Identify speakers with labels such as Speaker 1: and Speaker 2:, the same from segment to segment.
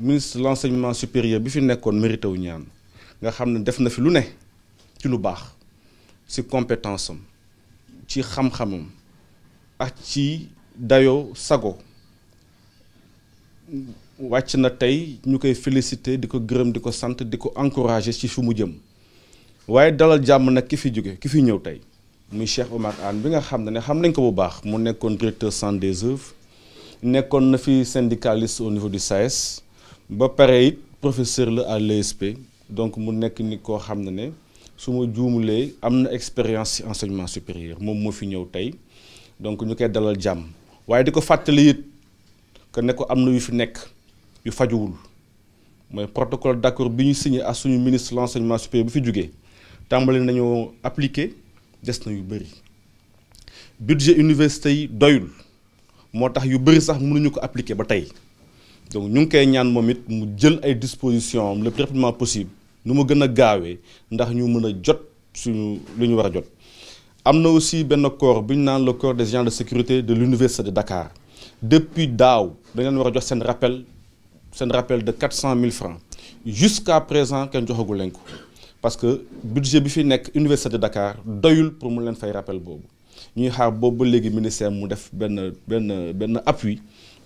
Speaker 1: ministre de l'enseignement supérieur bi fi nekkoon mérité wu ñaan nga xam ne def na fi lu ne ci lu baax ci compétence am ci xam-xamam ak ci dayo sago wàcc na tey ñu koy féliciter di ko gërëm di ko sant di ko encourager ci fu mu jëm waaye dalal jàmm nag ki fi jóge ki fi ñëw tey muy Cheikh Oumar Anne bi nga xam ne xam nañ ko bu baax mu nekkoon directeur centre des œuvres nekkoon na fi syndicaliste au niveau de SAES ba pare it professeur la à l'ESP donc mu nekk ni koo xam ne ne su ma juumulee am na expérience ci enseignement supérieur moom moo fi ñëw tey donc ñu koy dalal jàmm waaye di ko fàttali it que ne ko am na yu fi nekk yu fajuwul mooy protocole d'accord bi ñu signé ak suñu ministre l'enseignement supérieur bi fi jógee tàmbali nañoo appliquer des na yu bëri budget université yi doyul moo tax yu bëri sax mënuñu ko appliqué ba tey donc ñu ngi koy ñaan moom it mu jël ay dispositions am le plus possible nu mu gën a gaawee ndax ñu mën a jot suñu lu ñu war a jot. am na aussi benn corps bu ñu naan le corps de agents de sécurité de l'université de Dakar depuis daaw dañ leen war a jox seen rappel seen rappel de 400 000 francs jusqu'à présent kenn joxagu leen ko. parce que budget bi fi nekk université de Dakar doyul pour mu leen fay rappel boobu ñuy xaar boobu ba léegi ministère mu def benn benn benn appui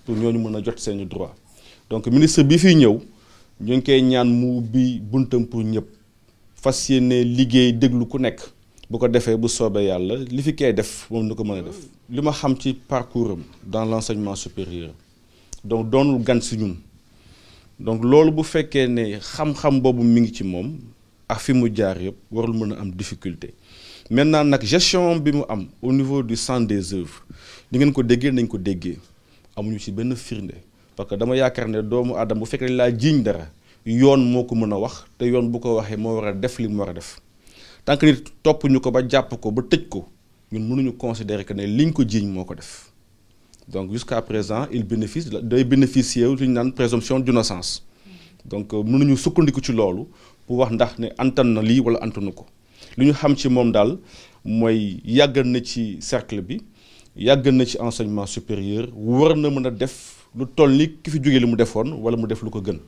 Speaker 1: pour ñooñu mën a jot seeni droit donc ministre bi fiy ñëw ñu ngi koy ñaan mu ubbi buntam pour ñëpp fas yéene liggéey déglu ku nekk bu ko defee bu soobee yàlla li fi koy def moom na ko mën a def. li ma xam ci parcours am dans l' enseignement supérieur donc doonul gan si ñun donc loolu bu fekkee ne xam-xam boobu mi ngi ci moom. ak fi mu jaar yëpp warul mën a am difficulté maintenant nag gestion bi mu am au niveau du centre des œuvres ni ngeen ko déggee nañ ko déggee amuñu ci benn firnde parce que dama yaakaar ne doomu aadama bu fekkee laa jiiñ dara yoon moo ko mën a wax te yoon bu ko waxee moo war a def li mu war a def tant nit topp ñu ko ba jàpp ko ba tëj ko ñun mënuñu considérer que ne liñ ko jiiñ moo ko def donc jusqu'à présent il bénéficie day bénéficier wu li ñu naan présomption d'innocence donc euh, mënuñu sukkandiku ci loolu pour wax ndax ne antan na lii wala antanu ko lu ñu xam ci moom daal mooy yàggal na ci cercle bi yàggal na ci enseignement supérieur war na mën a def lu toll ni ki fi jógee li mu defoon wala mu def lu ko gën